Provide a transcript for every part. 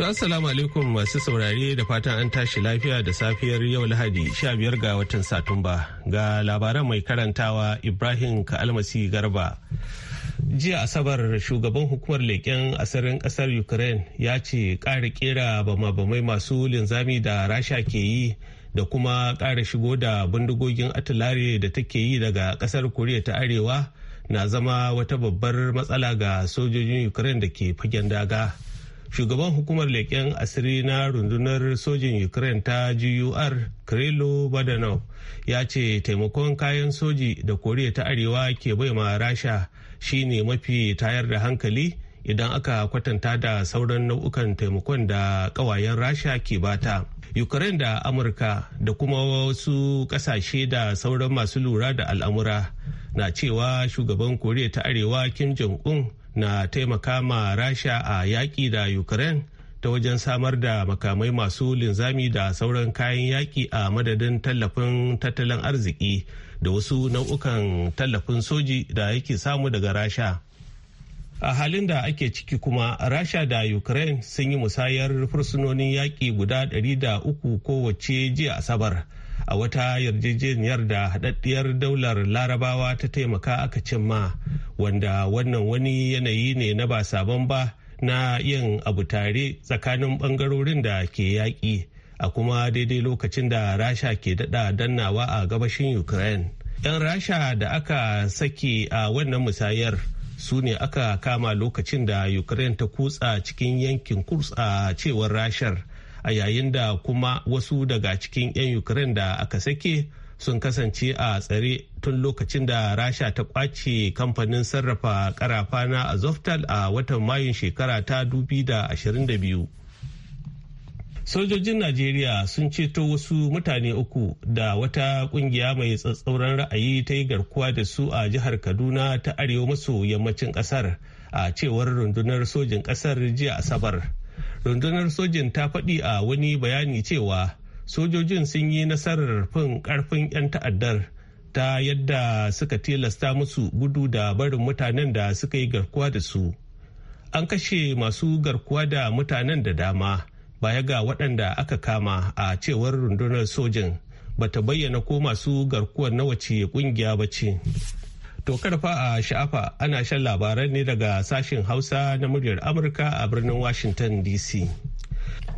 Assalamu alaikum masu saurare da fatan an tashi lafiya da safiyar yau Lahadi sha biyar ga watan Satumba ga labaran mai karantawa Ibrahim Ka'almasi Garba. Jiya Asabar shugaban hukumar leƙen asirin ƙasar Ukraine ya ce ƙara ƙera bama-bamai masu linzami da rasha ke yi da kuma ƙara shigo da bindigogin atulare da take yi daga ƙasar Koriya ta Arewa na zama wata babbar matsala ga sojojin Ukraine da ke fagen daga. shugaban hukumar leƙen asiri na rundunar sojin ukraine ta gur krilo badanov ya ce taimakon kayan soji da koriya ta arewa ke bai ma rasha shine mafi tayar da hankali idan aka kwatanta da sauran nau'ukan taimakon da kawayen rasha ke bata ukraine da amurka da kuma wasu kasashe da sauran masu lura da al'amura na cewa shugaban koriya ta arewa kim jong-un na taimaka ma rasha a yaƙi da ukraine ta wajen samar da makamai masu linzami da sauran kayan yaƙi a madadin tallafin tattalin arziki da wasu nau'ukan tallafin soji da yake samu daga rasha a halin da ake ciki kuma rasha da ukraine sun yi musayar fursunonin yaƙi guda 300 kowace jiya asabar. a wata yarjejeniyar da haɗaɗɗiyar daular larabawa ta taimaka aka cimma wanda wannan wani yanayi ne na ba sabon ba na yin abu tare tsakanin ɓangarorin da ke yaƙi a kuma daidai lokacin da rasha ke daɗa dannawa a gabashin ukraine 'yan rasha da aka saki a wannan musayar su ne aka kama lokacin da ukraine ta kutsa cikin yankin kurs a cewar rashar a yayin da kuma wasu daga cikin 'yan ukraine da aka sake sun kasance a tsare tun lokacin da rasha ta kwace kamfanin sarrafa karafa na azoftal a watan mayun shekara ta 2022 sojojin najeriya sun ceto wasu mutane uku da wata kungiya mai tsatsauran ra'ayi ta yi garkuwa da su a jihar kaduna ta arewa maso yammacin kasar a cewar rundunar sojin kasar jiya asabar rundunar sojin ta faɗi a wani bayani cewa sojojin sun yi nasarar fin ƙarfin 'yan ta'addar ta yadda suka tilasta musu gudu da barin mutanen da suka yi garkuwa da su an kashe masu garkuwa da mutanen da dama baya ga waɗanda aka kama a cewar rundunar sojin bata bayyana ko masu garkuwar na wace ƙungiya ba ce. To karfa a sha'afa ana shan labaran ne daga sashen Hausa na muryar Amurka a birnin Washington DC.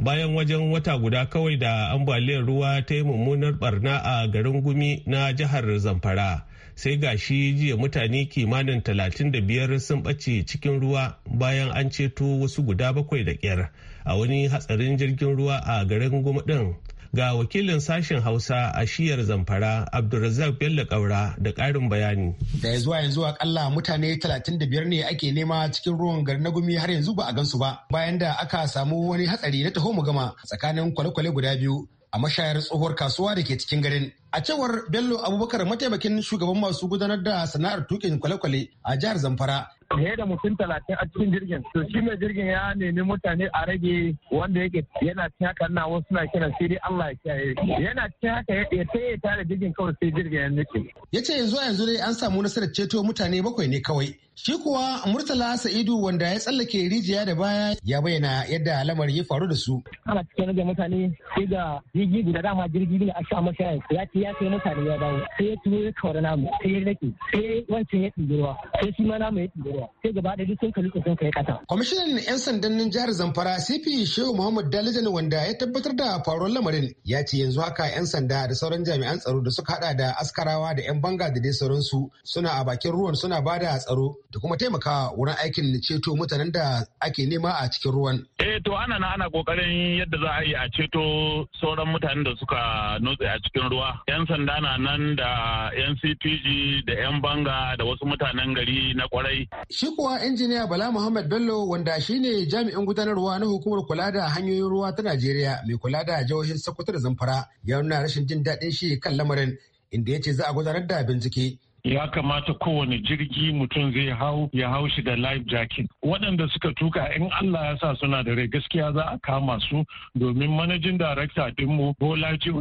Bayan wajen wata guda kawai da ambaliyar ruwa ta yi mummunar barna a garin Gumi na jihar Zamfara. Sai gashi jiya mutane kimanin talatin da biyar sun ɓace cikin ruwa bayan an ceto wasu guda bakwai da ƙyar a wani hatsarin jirgin ruwa a garin Gumi ɗin ga wakilin sashen hausa a shiyar zamfara abdulrazak bello kaura da ƙarin bayani da ya zuwa yanzu akalla mutane 35 ne ake nema cikin ruwan garnagumi har yanzu ba a gansu ba bayan da aka samu wani hatsari na taho mu gama tsakanin kwale-kwale guda biyu a mashayar tsohuwar kasuwa da ke cikin garin. A cewar Bello Abubakar mataimakin shugaban masu gudanar da sana'ar tukin kwale-kwale a jihar Zamfara fiye da mutum talatin a cikin jirgin to shi mai jirgin ya nemi mutane a rage wanda yake yana cin haka na wasu na kiran sai dai Allah ya kiyaye yana cikin haka ya sai ya tare jirgin kawai sai jirgin ya ya yace yanzu a yanzu dai an samu nasarar ceto mutane bakwai ne kawai Shi kuwa Murtala Sa'idu wanda ya tsallake rijiya da baya ya bayyana yadda lamari ya faru da su. Ana cikin da mutane sai da jirgi guda dama jirgi ne a sha masa ya ce ya sai mutane ya dawo sai ya tuwo ya kawar namu sai ya rake sai wancan ya tsibiruwa sai shi ma namu ya tsibiruwa sai gaba da duk sun kalu sun kai kata. Kwamishinan 'yan sandan jihar Zamfara CP Shehu Muhammad Dalijan wanda ya tabbatar da faruwar lamarin ya ce yanzu haka 'yan sanda da sauran jami'an tsaro da suka hada da askarawa da 'yan banga da dai sauransu suna a bakin ruwan suna bada tsaro da kuma taimakawa wurin aikin ceto mutanen da ake nema a cikin ruwan. Eh to ana na ana kokarin yadda za a yi a ceto sauran mutanen da suka nutse a cikin ruwa. Yan sanda na nan da yan CPG da yan banga da wasu mutanen gari na kwarai. Shi kuwa injiniya Bala Muhammad Bello wanda shine jami'in gudanarwa na hukumar kula da hanyoyin ruwa ta Najeriya mai kula da jihohin Sokoto da Zamfara ya nuna rashin jin daɗin shi kan lamarin inda ya ce za a gudanar da bincike ya kamata kowane jirgi mutum zai hau ya hau shi da life jacket waɗanda suka tuka in Allah ya sa suna da rai gaskiya za a kama su domin manajin darakta dinmu Bolaji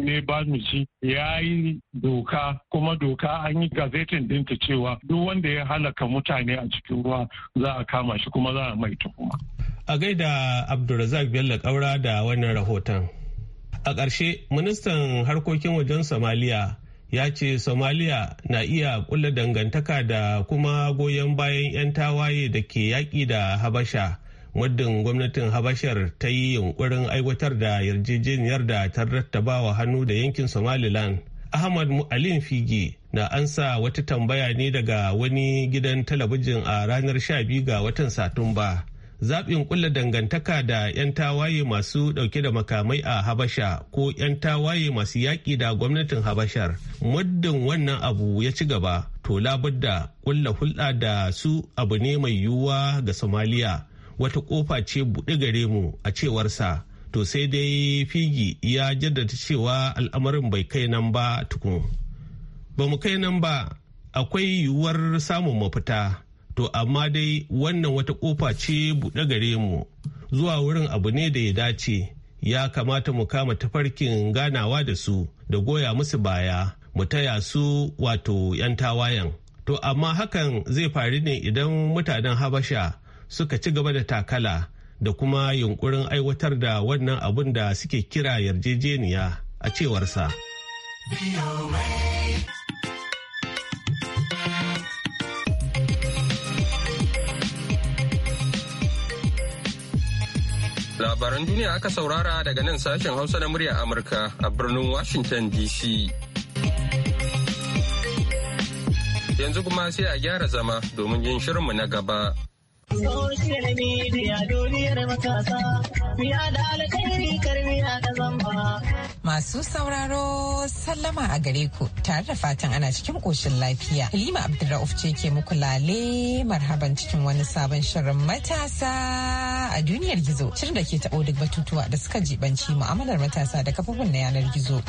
ne shi. ya yi doka kuma doka an yi gazetin dinta cewa duk wanda ya halaka mutane a cikin ruwa za a kama shi kuma za a mai tuhuma. A gaida Abdulrazak Bello Kaura da wannan rahoton. A ƙarshe, ministan harkokin wajen Somalia ya ce somalia na iya kulla dangantaka da kuma goyon bayan 'yan tawaye da ke yaƙi da habasha muddin gwamnatin habashar ta yi yunkurin aiwatar da yarjejeniyar da ta rattabawa hannu da yankin somaliland ahmad mu'alin Figi na ansa wata tambaya ne daga wani gidan talabijin a ranar 12 ga watan satumba zaɓin kulla dangantaka da 'yan tawaye masu ɗauke da makamai a habasha ko 'yan tawaye masu yaƙi da gwamnatin habashar muddin wannan abu ya ci gaba to labudda kulla hulɗa da su abu ne mai yiwuwa ga somaliya wata ƙofa ce buɗe gare mu a cewarsa to sai dai figi ya jaddada cewa al'amarin bai kai nan ba tukun ba mu kai nan ba akwai yiwuwar samun mafita To amma dai wannan wata kofa ce buɗe gare mu zuwa wurin abu ne da ya dace ya kamata mu kama tafarkin ganawa da su da goya musu baya mu taya su wato 'yan tawayen. To amma hakan zai faru ne idan mutanen Habasha suka ci gaba da takala da kuma yunkurin aiwatar da wannan abun da suke kira yarjejeniya a cewarsa. Labaran duniya aka saurara daga nan sashen Hausa na murya Amurka a birnin Washington DC. Yanzu kuma sai a gyara zama domin yin shirinmu na gaba. Social matasa, da da zamba. masu sauraro sallama a gare ku tare da fatan ana cikin koshin lafiya. Halima Abdulrauf ce ke muku lale marhaban cikin wani sabon shirin matasa a duniyar gizo. Shirin da ke taɓo duk batutuwa da suka jibanci mu'amalar matasa da kafofin na yanar gizo.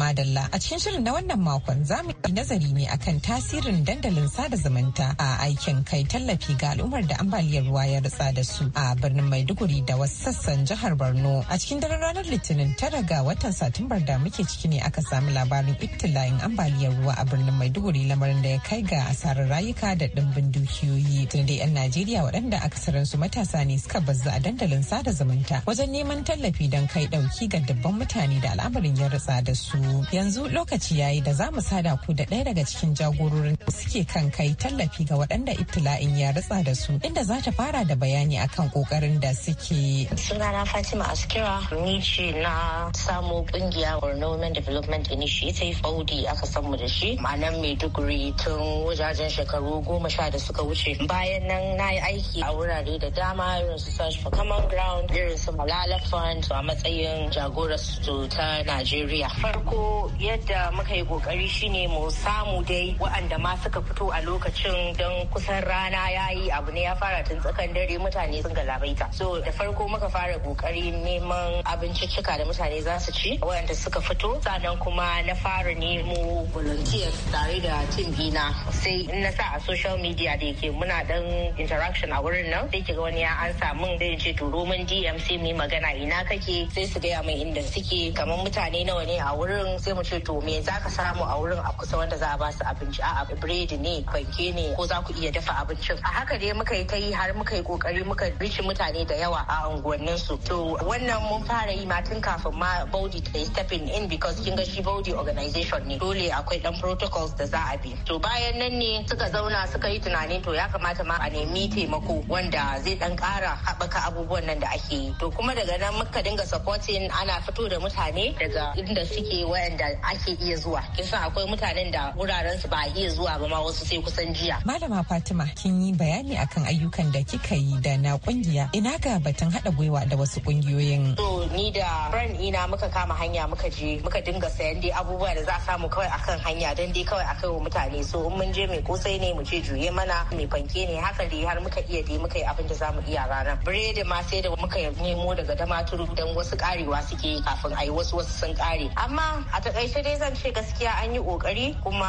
Madalla a cikin shirin na wannan makon za mu yi nazari ne akan tasirin dandalin sada zumunta a aikin kai tallafi ga al'ummar da ambaliyar ruwa ya rutsa da su a birnin Maiduguri da wasu sassan jihar Borno. A cikin daren ranar Litinin tara ga watan Satumbar da muke ciki ne aka samu labarin ibtilayin ambaliyar ruwa a birnin Maiduguri lamarin da ya kai ga asarar rayuka da dimbin dukiyoyi. Tun dai 'yan Najeriya waɗanda su matasa ne suka bazza a dandalin sada zumunta wajen neman tallafi don kai ɗauki ga dubban mutane da al'amarin ya rutsa da su. biyu yanzu lokaci yayi da za mu sada ku da ɗaya daga cikin jagororin da suke kan kai tallafi ga waɗanda ibtila'in ya ritsa da su inda za ta fara da bayani akan kokarin da suke sunana fatima askira ni ce na samo kungiya Women development initiative audi aka san mu da shi ma'anan maiduguri tun wajajen shekaru goma sha da suka wuce bayan nan na yi aiki a wurare da dama irin su search for common ground irin su malala fund a matsayin jagorar su ta najeriya farko so yadda muka yi kokari shine mu samu dai waɗanda ma suka fito a lokacin don kusan rana ya yi abu ne ya fara tun tsakan dare mutane sun galabaita so da farko muka fara kokari neman abinciccika da mutane za su ci wa'anda suka fito sannan kuma na fara nemo volunteers tare da tim dina sai in na sa a social media da yake muna dan interaction a wurin nan sai kiga wani ya ansa min zai ce to roman dm sai magana ina kake sai su gaya mai inda suke kamar mutane nawa ne a wurin sai mu ce to me za ka samu a wurin a kusa wanda za a ba su abinci a biredi ne fanke ne ko za ku iya dafa abincin a haka dai muka yi ta yi har muka yi kokari muka rishi mutane da yawa a unguwannin su to wannan mun fara yi ma tun kafin ma baudi ta yi stepping in because kin ga shi baudi organization ne dole akwai dan protocols da za a bi to bayan nan ne suka zauna suka yi tunani to ya kamata ma a nemi taimako wanda zai dan kara haɓaka abubuwan nan da ake yi to kuma daga nan muka dinga supporting ana fito da mutane daga inda suke waya wayanda ake iya zuwa kin san akwai mutanen da wuraren su ba a iya zuwa ba ma wasu sai kusan jiya malama fatima kin yi bayani akan ayyukan da kika yi da na kungiya ina ga batun hada gwiwa da wasu kungiyoyin to ni da friend ina muka kama hanya muka je muka dinga sayan dai abubuwa da za a samu kawai akan hanya dan dai kawai akai wa mutane so in mun je mai kosai ne mu je juye mana mai fanke ne haka dai har muka iya dai muka yi abin da zamu iya ranar biredi ma sai da muka nemo daga damaturu dan wasu karewa suke kafin ayi yi wasu wasu sun kare amma a takaice dai zan ce gaskiya an yi kokari kuma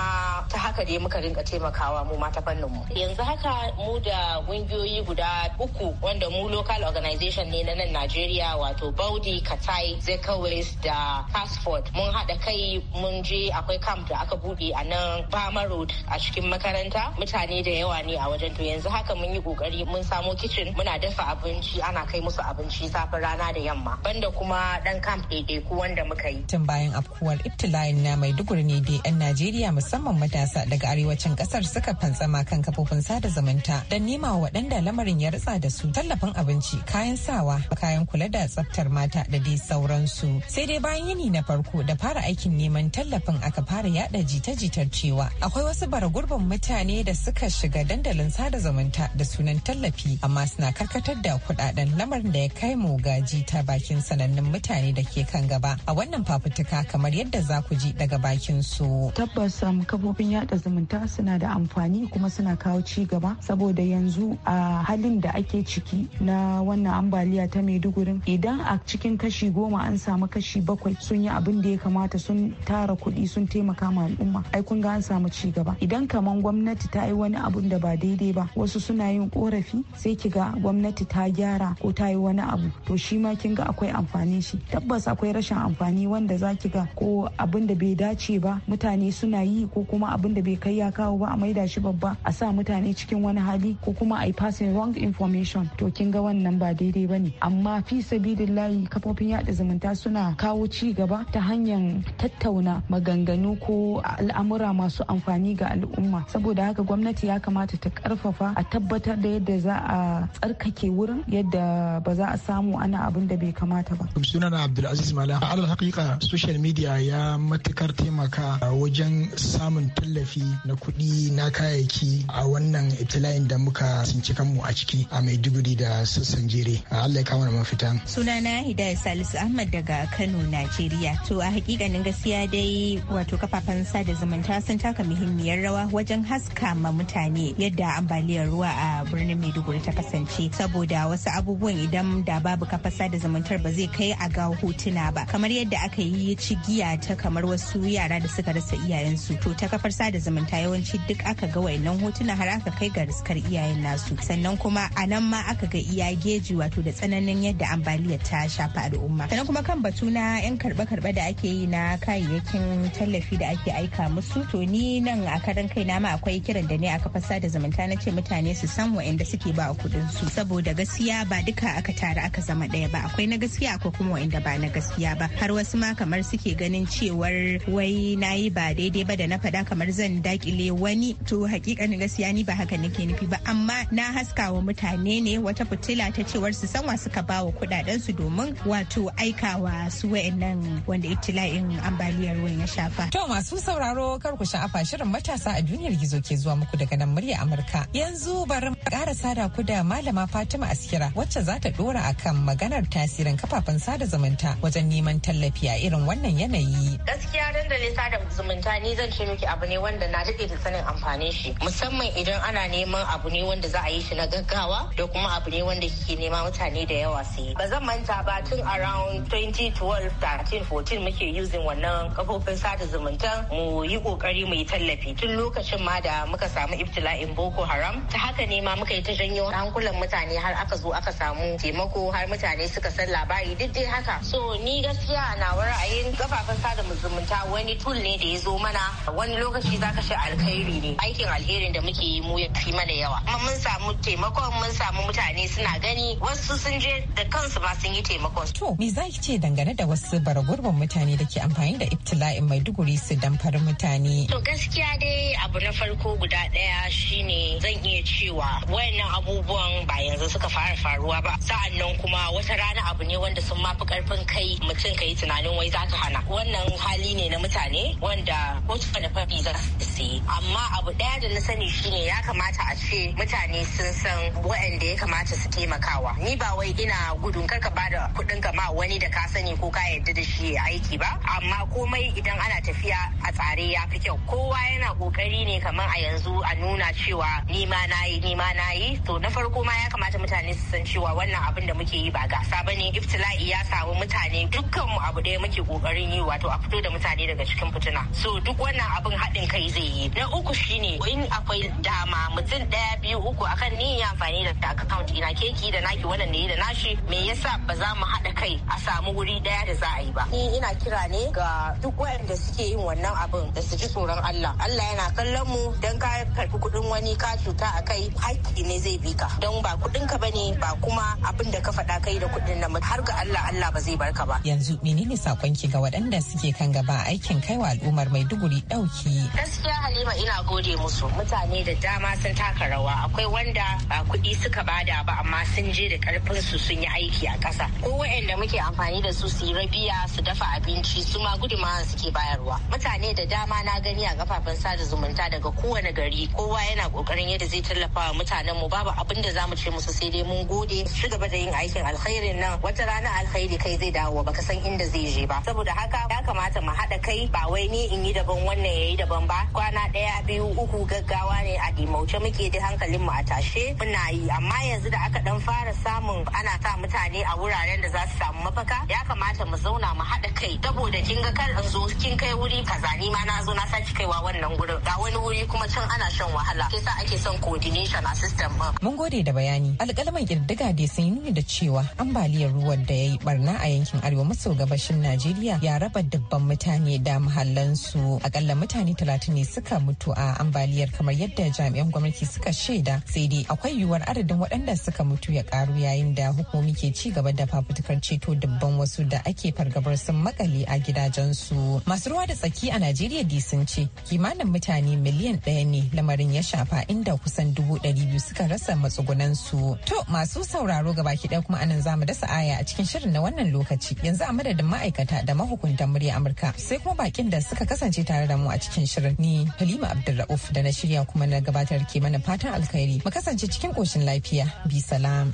ta haka dai muka rinka taimakawa mu ma ta fannin mu yanzu haka mu da kungiyoyi guda uku wanda mu local organization ne na nan Najeriya wato Baudi Katai Zekaways da Passport mun haɗa kai mun je akwai camp da aka bude a nan Bama Road a cikin makaranta mutane da yawa ne a wajen to yanzu haka mun yi kokari mun samo kitchen muna dafa abinci ana kai musu abinci safin rana da yamma banda kuma dan camp ɗaiɗaiku wanda muka yi tun bayan abu afuwar iftila'in na maiduguri ne da 'yan najeriya musamman matasa daga arewacin kasar suka fantsama kan kafofin sada zumunta don nema waɗanda lamarin ya ritsa da su tallafin abinci kayan sawa kayan kula da tsaftar mata da dai sauransu sai dai bayan yini na farko da fara aikin neman tallafin aka fara yada jita-jitar cewa akwai wasu bara mutane da suka shiga dandalin sada zumunta da sunan tallafi amma suna karkatar da kuɗaɗen lamarin da ya kai mu gaji ta bakin sanannun mutane da ke kan gaba a wannan fafutuka kamar kamar yadda za ku ji daga bakin su. Tabbas um, kafofin yada zumunta suna da amfani kuma suna kawo ci gaba saboda yanzu a halin da ake ciki na wannan ambaliya ta Maiduguri idan a cikin kashi goma an samu kashi bakwai sun yi abin da ya kamata sun tara kuɗi sun taimaka ma al'umma ai kun ga an samu ci gaba idan kamar gwamnati ta yi wani abu da ba daidai ba wasu suna yin korafi sai ki ga gwamnati ta gyara ko ta yi wani abu to shi ma kin ga akwai amfanin shi tabbas akwai rashin amfani wanda za ki ga ko abin da bai dace ba mutane suna yi ko kuma abin da bai kai ya kawo ba a maida shi babba a sa mutane cikin wani hali ko kuma a yi passing wrong information to kin ga wannan ba daidai ba ne amma fi sabidillahi kafofin yada zumunta suna kawo ci gaba ta hanyar tattauna maganganu ko al'amura masu amfani ga al'umma saboda haka gwamnati ya kamata ta karfafa a tabbatar da yadda za a tsarkake wurin yadda ba za a samu ana abin da bai kamata ba sunana abdulaziz malam alal haƙiƙa social media wanda ya matukar taimaka wajen samun tallafi na kuɗi na kayayyaki a wannan ibtila'in da muka tsinci kanmu a ciki a maiduguri da sassan jere allah ya kawo na mafita sunana hidaya salisu ahmad daga kano najeriya to a hakikanin gaskiya dai wato kafafen sada zumunta sun taka muhimmiyar rawa wajen haska ma mutane yadda ambaliyar ruwa a birnin maiduguri ta kasance saboda wasu abubuwan idan da babu kafa sada zumuntar ba zai kai a ga hotuna ba kamar yadda aka yi ci giya tarbiyya ta kamar wasu yara da suka rasa iyayensu to ta kafar sada zumunta yawanci duk aka ga wayannan hotuna har aka kai ga riskar iyayen nasu sannan kuma a nan ma aka ga iya geji wato da tsananin yadda ambaliya ta shafa al'umma sannan kuma kan batu na yan karbe karbe da ake yi na kayayyakin tallafi da ake aika musu to ni nan a karan kai na ma akwai kiran da ne a kafar sada zumunta na ce mutane su san wayanda suke ba kudin su saboda gaskiya ba duka aka tare aka zama ɗaya ba akwai na gaskiya akwai kuma wayanda ba na gaskiya ba har wasu ma kamar suke gani. ganin cewar wai na yi ba daidai ba da na faɗa kamar zan dakile wani to hakikanin gaskiya ni ba haka nake nufi ba amma na haskawa mutane ne wata fitila ta cewar su san wa suka bawa kudaden su domin wato aikawa su wayannan wanda itila'in ambaliyar ruwan ya shafa. To masu sauraro kar ku sha'afa shirin matasa a duniyar gizo ke zuwa muku daga nan murya Amurka. Yanzu bari ƙara sada ku da malama Fatima Askira wacce za ta dora akan maganar tasirin kafafen sada zumunta wajen neman tallafi a irin wannan yanayi yi. Gaskiya dandalin sada zumunta ni zan ce miki abu ne wanda na daɗe da sanin amfani shi musamman idan ana neman abu ne wanda za a yi shi na gaggawa da kuma abu ne wanda kike nema mutane da yawa su yi. Ba zan manta ba tun around 2012 13 14 muke using wannan kafofin sada zumunta mu yi kokari mu yi tallafi tun lokacin ma da muka samu ibtila'in Boko Haram ta haka ne ma muka yi ta janyo hankulan mutane har aka zo aka samu taimako har mutane suka san labari duk dai haka so ni gaskiya na ra'ayin kafa kafafen sada zumunta wani tool ne da ya zo mana wani lokaci za ka alkhairi ne aikin alherin da muke yi mu ya fi mana yawa amma mun samu taimakon mun samu mutane suna gani wasu sun je da kansu ma sun yi taimakon. to me za ki ce dangane da wasu baragurban mutane da ke amfani da ibtila'in maiduguri su damfar mutane. to gaskiya dai abu na farko guda daya shine zan iya cewa wayannan abubuwan ba yanzu suka fara faruwa ba sa'an nan kuma wata rana abu ne wanda sun mafi karfin kai mutum ka yi tunanin wai za ka hana wannan hali ne na mutane wanda ko da fafi za su yi amma abu daya da na sani shine ya kamata a ce mutane sun san waɗanda ya kamata su taimakawa ni ba wai ina gudun karka ba da kuɗin ka ma wani da ka sani ko ka yarda da shi aiki ba amma komai idan ana tafiya a tsare ya fi kyau kowa yana kokari ne kamar a yanzu a nuna cewa ni ma na yi ni ma na yi to na farko ma ya kamata mutane su san cewa wannan abin da muke yi ba gasa bane iftila'i ya samu mutane dukkanmu abu ɗaya muke kokarin yi yi wato a fito da mutane daga cikin fitina so duk wannan abin haɗin kai zai yi na uku shine in akwai dama mutum ɗaya biyu uku akan ni ya amfani da account ina keki da naki wannan ne da nashi me yasa ba za mu haɗa kai a samu wuri ɗaya da za a yi ba ni ina kira ne ga duk waɗanda suke yin wannan abin da su ji tsoron Allah Allah yana kallon mu dan ka karɓi kuɗin wani ka cuta a kai haƙƙi ne zai bi ka don ba kuɗin ka bane ba kuma abin da ka faɗa kai da kuɗin nan har ga Allah Allah ba zai barka ba yanzu menene sakonki ga waɗanda wanda suke kan gaba aikin kai wa al'ummar duguri dauki. Gaskiya Halima ina gode musu mutane da dama sun taka rawa akwai wanda ba kuɗi suka bada ba amma sun je da karfin su sun yi aiki a ƙasa. Ko waɗanda muke amfani da su su yi rabiya su dafa abinci su ma gudumawa suke bayarwa. Mutane da dama na gani a kafafen sada zumunta daga kowane gari kowa yana ƙoƙarin yadda zai tallafa wa mutanen mu babu abin da za mu ce musu sai dai mun gode su gaba da yin aikin alkhairin nan wata rana alkhairi kai zai dawo baka san inda zai je ba saboda haka ya kamata mu haɗa kai ba wai ni in yi daban wannan ya yi daban ba kwana ɗaya biyu uku gaggawa ne a dimauce muke da hankalin mu a tashe muna yi amma yanzu da aka dan fara samun ana sa mutane a wuraren da za su samu mafaka ya kamata mu zauna mu haɗa kai saboda kin ga kar in zo kin kai wuri kaza ni ma na zo na saki kaiwa wannan gurin ga wani wuri kuma can ana shan wahala ke sa ake son coordination a system ba. Mun gode da bayani alƙalaman ƙirdiga dai sun yi nuni da cewa ambaliyar ruwan da ya yi barna a yankin arewa maso gabashin Najeriya ya raba dubban mutane da muhallansu akalla mutane talatin ne suka mutu a ambaliyar kamar yadda jami'an gwamnati suka shaida sai dai akwai yiwuwar adadin waɗanda suka mutu ya karu yayin da hukumomi ke ci gaba da fafutukar ceto dubban wasu da ake fargabar sun makale a gidajensu masu ruwa da tsaki a najeriya dai sun ce kimanin mutane miliyan ɗaya ne lamarin ya shafa inda kusan dubu ɗari biyu suka rasa matsugunansu to masu sauraro gaba ki ɗaya kuma anan zamu dasa aya a cikin shirin na wannan lokaci yanzu a madadin ma'aikata da mahukunta da murya Amurka. Sai kuma bakin da suka kasance tare da mu a cikin shirin ni Halima Abdulrauf da na shirya kuma na gabatar ke mana fatan alkhairi. Mu kasance cikin koshin lafiya. Bi salam.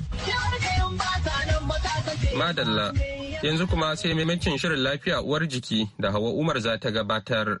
Madalla. Yanzu kuma sai maimakon shirin lafiya uwar jiki da Hawa Umar za ta gabatar.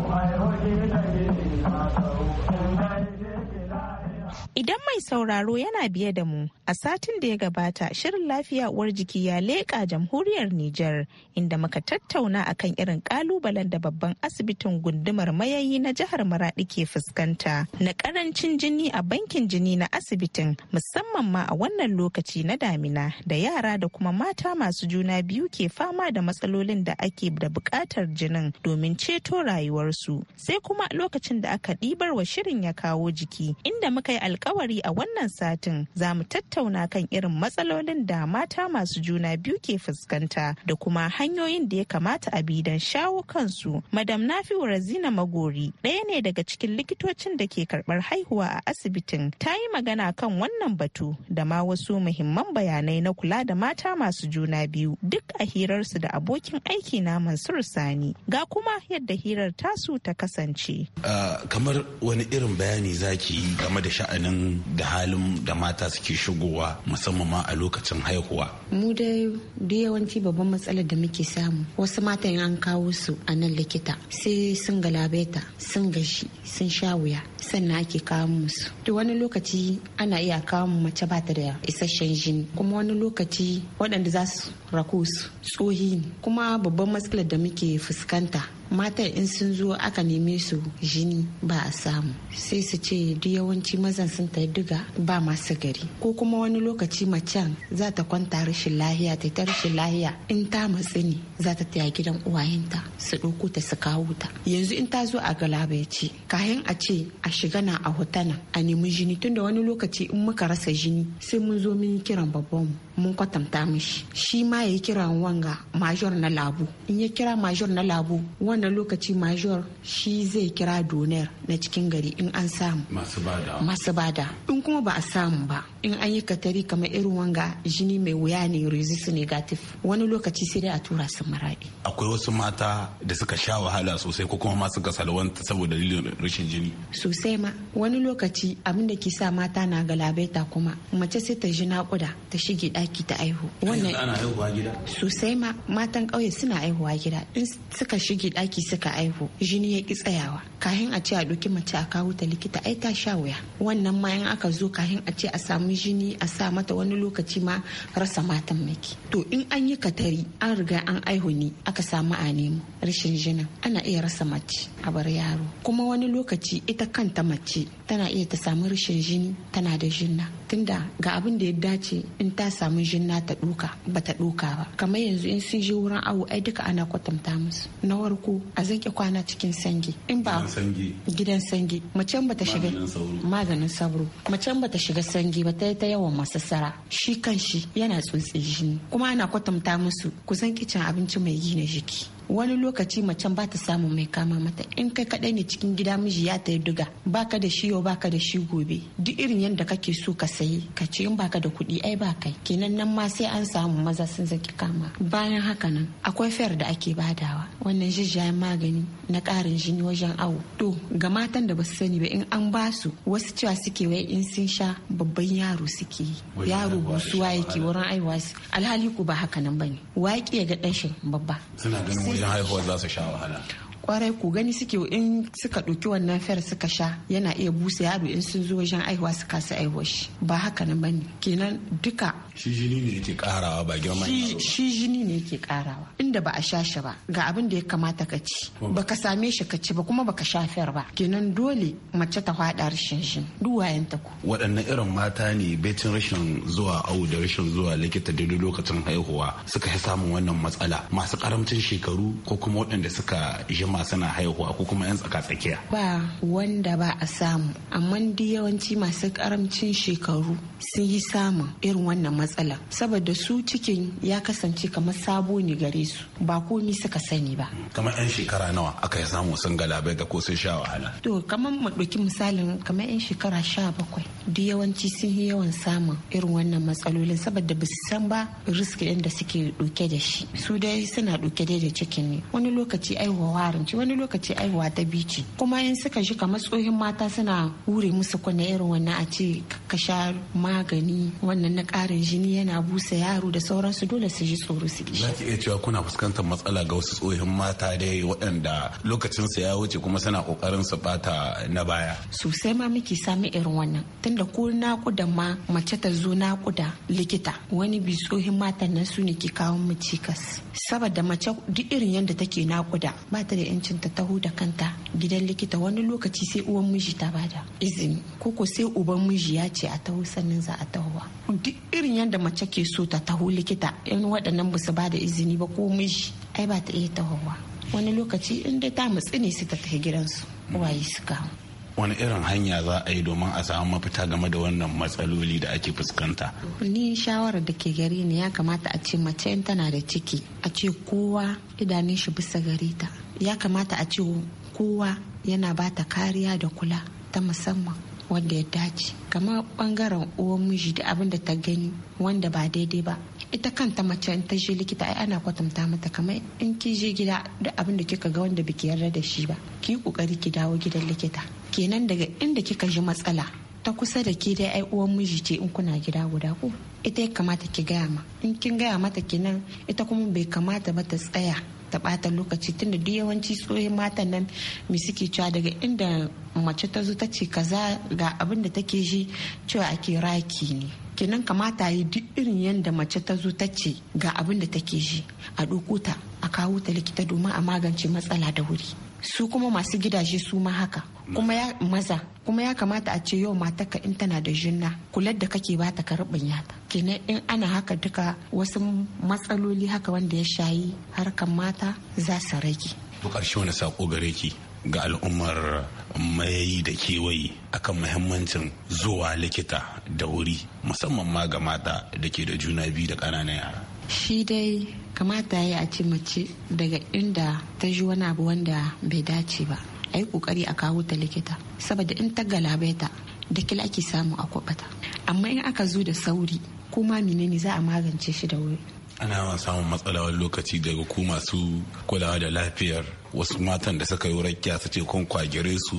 Idan mai sauraro yana biye da mu a satin da ya gabata shirin lafiya uwar jiki ya leƙa jamhuriyar Nijar inda muka tattauna akan irin kalubalen da babban asibitin gundumar mayayi na jihar Maradi ke fuskanta na karancin jini a bankin jini na asibitin musamman ma a wannan lokaci na damina da yara da kuma mata masu juna biyu ke fama da matsalolin da ake da buƙatar jinin domin ceto rayuwarsu sai kuma lokacin da aka ɗibar wa shirin ya kawo jiki inda muka yi alkawari a wannan satin za mu tattauna kan irin matsalolin da mata masu juna biyu ke fuskanta da kuma hanyoyin da ya kamata a bi don shawo kansu. Madam nafi Razina Magori ɗaya ne daga cikin likitocin da ke karɓar haihuwa a asibitin ta yi magana kan wannan batu da ma wasu muhimman bayanai na kula da mata masu juna biyu duk a hirarsu da abokin aiki na Mansur Sani. Ga kuma yadda hirar tasu ta kasance. Ah, kamar wani irin bayani zaki yi game da sha'anin kudaden da halin da mata suke shigowa musamman ma a lokacin haihuwa mu dai da yawanci babban matsalar da muke samu wasu mata matan an kawo su a nan likita sai sun galabeta sun gashi sun sha wuya sannan ake kawo musu to wani lokaci ana iya kawo mace ba ta da isasshen jini kuma wani lokaci waɗanda za su rako su tsohi kuma babban matsalar da muke fuskanta mata in sun zo aka neme su jini ba a samu sai su ce duk yawanci mazan sun ta diga ba masu gari ko kuma wani lokaci macen za ta kwanta rashin lahiya ta ta rashin lahiya in ta matsi ne za ta taya gidan uwayenta su ɗauko ta su kawo ta yanzu in ta zo a ce kayan a ce a shiga na a hotana a nemi jini tunda wani lokaci in muka rasa jini sai mun zo mun yi kiran babban mun kwatanta mishi shi ma ya yi kiran wanga major na labu in ya kira major na labu wannan lokaci major shi zai kira donar na cikin gari in an samu masu bada in kuma ba a samu ba in an yi katari kamar irin wanga jini mai wuya ne resist negative wani lokaci sai dai a tura su maraɗi akwai wasu mata da suka sha wahala sosai ko kuma masu salwanta saboda dalilin rashin jini sosai ma wani lokaci abin da ke sa mata na galabaita kuma mace sai ta ji naƙuda ta shige ɗaki ta aihu wannan ana aihuwa gida sai ma matan ƙauye suna aihuwa gida in suka shige ɗaki suka aihu jini ya ki tsayawa kahin a ce a ɗauki mace a kawo ta likita ai ta sha wuya wannan ma in aka zo kahin a ce a samu jini a sa mata wani lokaci ma rasa matan miki to in an yi katari an riga an aihu ni aka samu a nemo rashin jinin ana iya rasa mace a bar yaro kuma wani lokaci ita kanta mace tana iya ta samu rashin jini tana da jinna tunda ga abin da ya dace in ta samu jinna ta duka ba ta duka ba kamar yanzu in sun je wurin awo ai duka ana kwatanta musu na warko a zanke kwana cikin sange in ba gidan sange macen ba ta shiga maganin sauro macen ba ta shiga sange ba ta yi ta yawan sara shi kan shi yana tsotsi jini kuma ana kwatanta musu ku zanke cin abinci mai gina jiki wani lokaci macen ba ta samu mai kama mata in kai kadai ne cikin gida miji ya ta yi duga baka da shi yau baka da shi gobe duk irin yadda kake so ka sayi ka ce in baka da kuɗi ai ba kai kenan nan ma sai an samu maza sun zaki kama bayan haka nan akwai fayar da ake badawa wannan jijjayen magani na ƙarin jini wajen awo to ga matan da basu sani ba in an basu wasu cewa suke wai in sun sha babban yaro suke yaro busuwa yake wurin aiwa alhali ku ba haka nan bane waƙi ga ɗan babba wajen haihuwar za sha wahala kwarai ku gani suke in suka ɗauki wannan fer suka sha yana iya busa yaro in sun zo wajen aihuwa su kasa aihuwa shi ba haka nan bane kenan duka shi jini ne yake karawa ba girman shi jini ne yake karawa inda ba a sha shi ba ga abin da ya kamata ka ci baka same shi ka ci ba kuma baka sha fer ba kenan dole mace ta hada rashin shi duwayen ta ku waɗannan irin mata ne baitin rashin zuwa au da rashin zuwa likita daidai lokacin haihuwa suka samu wannan matsala masu karamcin shekaru ko kuma waɗanda suka ma haihuwa ko kuma 'yan tsaka-tsakiya ba wanda ba a samu amma dai yawanci masu karamcin shekaru sun yi samun irin wannan matsala saboda su cikin ya kasance kamar sabo ne gare su ba komi suka sani ba kamar 'yan shekara nawa aka yi samu sun galabai da ko sun sha wahala to kamar mu ɗauki misalin kamar 'yan shekara sha bakwai duk yawanci sun yi yawan samun irin wannan matsalolin saboda ba su san ba riski da suke ɗauke da shi su dai suna ɗauke da cikin ne wani lokaci aiwawa mace wani lokaci aiwa ta bici kuma in suka ji kamar tsohin mata suna hure musu kwanne irin wannan a ce ka sha magani wannan na karin jini yana busa yaro da sauransu dole su ji tsoro su ji. Zaki iya cewa kuna fuskantar matsala ga wasu tsohin mata dai waɗanda lokacin su ya wuce kuma suna kokarin su bata na baya. Sosai ma muke sami irin wannan tunda ko nakuda ma mace ta zo nakuda likita wani bi tsohin matan nan su ne ke kawo mu cikas saboda mace duk irin yadda take nakuda ba ta da ta taho da kanta gidan likita wani lokaci sai uwan miji ta bada izini ko ko sai uban miji ya ce a taho sannan za a tahowa duk irin yadda mace ke so ta taho likita in waɗannan ba su bada izini ba ko miji ai ba ta iya tahowa wani lokaci in dai ta mutsi ne su ta tafi gidansu waye suka wani irin hanya za a yi domin a samu mafita game da wannan matsaloli da ake fuskanta ni shawarar da ke gare ni ya kamata a ce mace tana da ciki a ce kowa idanun shi bisa gare ta ya kamata a ce kowa yana ba ta kariya da kula ta musamman wanda ya dace kamar bangaren uwan miji da abin da ta gani wanda ba daidai ba ita kanta mace ta je likita ai ana kwatanta mata kamar in ki je gida da abin da kika ga wanda biki yarda da shi ba ki kokari ki dawo gidan likita kenan daga inda kika ji matsala ta kusa da ke dai ai uwan miji ce in kuna gida guda ko ita ya kamata ki gaya ma in kin gaya mata kenan ita kuma bai kamata ba ta tsaya ta bata lokaci tunda duk yawanci tsoye mata nan mi suke cewa daga inda mace ta zo ta ce kaza ga abin da take ji cewa ake raki ne kenan kamata yi duk irin yadda mace ta zo ta ce ga abin da take ji a ɗauko ta a kawo ta likita domin a magance matsala da wuri su kuma masu gidaje su ma haka kuma ya maza kuma ya kamata a ce yau ka in tana da junna kular da kake ba ta karɓin ta kenan in ana haka duka wasu matsaloli haka wanda ya shayi harkar mata za su rage to ƙarshe wani sako gare ki ga al'ummar mayayi da kewaye akan muhimmancin zuwa likita da wuri musamman ma ga mata da ke da juna biyu da ƙananan yara shi dai kamata ya a ce mace daga inda ta ji wani abu wanda bai dace ba a yi kokari a kawo ta likita saboda in ta galabaita da kila ake samu a kwabata amma in aka zo da sauri kuma menene za a magance shi da wuri ana samun matsala wani lokaci daga ku masu kulawa da lafiyar wasu matan da suka yi rakiya su ce kun kwagire su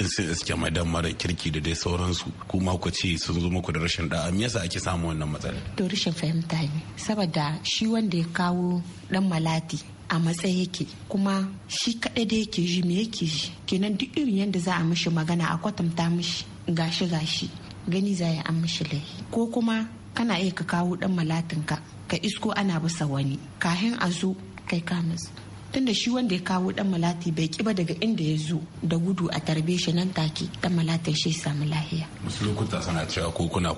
in sun iske madan mara kirki da dai sauransu kuma ku ce sun zo muku da rashin da'a me yasa ake samu wannan matsala to rashin fahimta ne saboda shi wanda ya kawo dan malati a matsayi yake kuma shi kaɗai da yake ji me yake ji kenan duk irin yadda za a mishi magana a kwatanta mishi gashi gashi gani za ya an mishi laifi ko kuma kana iya ka kawo dan malatinka ka isko ana bisa wani kahin a zo kai kamus tunda shi wanda ya kawo dan malati bai kiba daga inda ya zo da gudu a tarbe shi nan take dan malatin shi samu lahiya wasu lokuta suna cewa ko kuna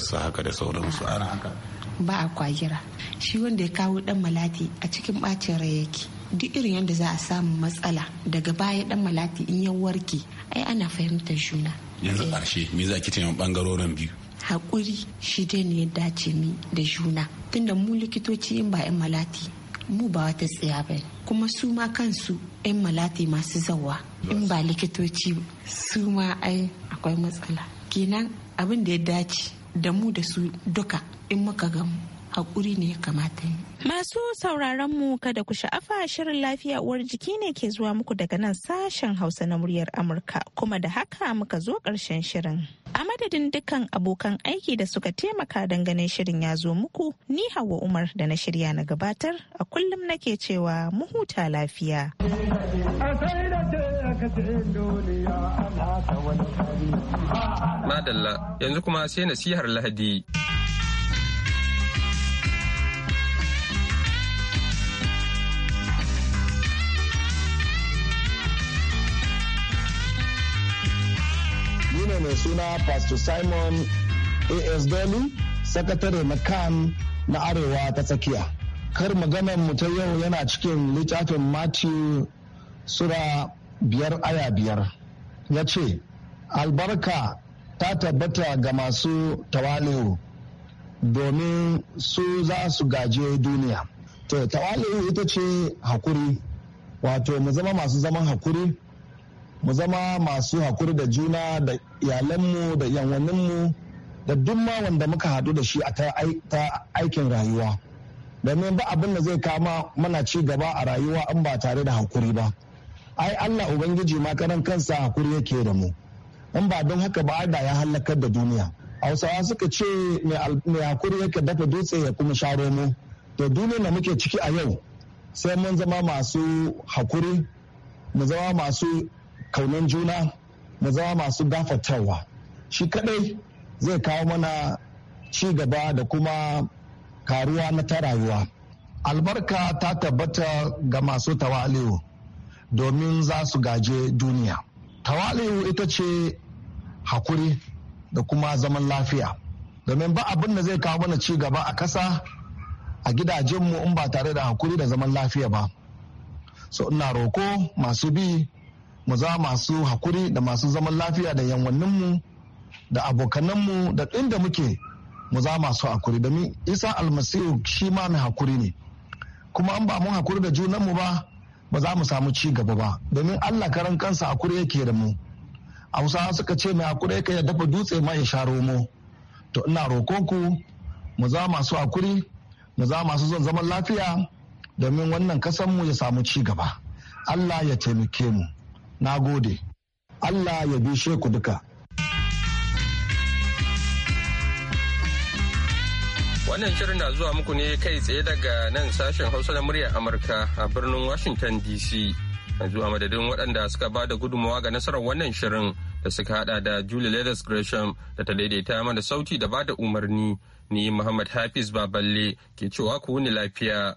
su haka da sauransu ana haka ba a kwagira shi wanda ya kawo dan malati a cikin bacin rai yake duk irin yadda za a samu matsala daga baya dan malati in ya warke ai ana fahimtar juna yanzu karshe eh. me za ki taimaka bangarorin biyu haƙuri shi dai ne ya dace mi da juna tunda mu likitoci in ba 'yan malati mu ba wata tsaya ba kuma su ma kansu 'yan malati masu zawa in ba likitoci su ma ai akwai matsala kenan abin da ya dace da mu da su duka in muka gamu hakuri ne ya kamata yi. Masu sauraron mu kada ku sha'afa shirin lafiya uwar jiki ne ke zuwa muku daga nan sashen Hausa na muryar Amurka kuma da haka muka zo ƙarshen shirin. A madadin dukkan abokan aiki da suka taimaka don ganin shirin ya zo muku ni Hauwa Umar da na shirya na gabatar a kullum nake cewa mu huta lafiya. Madalla yanzu kuma sai nasihar Lahadi. ne mai suna pastor simon as doli sakatare na kan na arewa ta tsakiya kar maganar mu ta yau yana cikin littafin matthew sura biyar aya biyar ya ce albarka ta tabbata ga masu tawali'u domin su za su gaje duniya to tawali'u ita ce hakuri wato mu zama masu zaman hakuri mu zama masu hakuri da juna da iyalanmu da yanwaninmu da duk ma wanda muka haɗu da shi a ta aikin rayuwa domin ba abin da zai kama mana ci gaba a rayuwa in ba tare da hakuri ba ai allah ubangiji ma karan kansa hakuri yake da mu in ba don haka ba da ya halakar da duniya hausawa suka ce mai hakuri yake dafa dutse ya kuma sha mu to duniyar da muke ciki a yau sai mun zama masu hakuri mu zama masu kaunan juna mu zama masu gafatawa shi kadai zai kawo mana ci gaba da kuma karuwa na ta rayuwa albarka ta tabbata ga masu tawali'u domin za su gaje duniya tawali'u ita ce hakuri da kuma zaman lafiya domin ba abin da zai kawo mana ci gaba a kasa a gidajenmu in ba tare da hakuri da zaman lafiya ba so ina roko masu bi mu za masu hakuri da masu zaman lafiya da yanwanninmu da abokananmu da inda muke mu za masu hakuri mi isa almasihu shi ma mai hakuri ne kuma an ba mun hakuri da junanmu ba ba za mu samu ci gaba ba domin allah karan kansa hakuri yake da mu hausawa suka ce mai hakuri yake ya dafa dutse ma ya sha romo to ina rokonku mu za masu hakuri mu za masu zan zaman lafiya domin wannan kasanmu ya samu ci gaba allah ya taimake mu na gode allah ya bishe ku duka wannan shirin na zuwa muku ne kai tsaye daga nan sashen hausa na muryar amurka a birnin washington dc yanzu zuwa madadin waɗanda suka ba da gudunmawa ga nasarar wannan shirin da suka hada da julie leathers gresham da ta daidaita mana sauti da ba da umarni ni muhammad hafiz baballe ke cewa ku wuni lafiya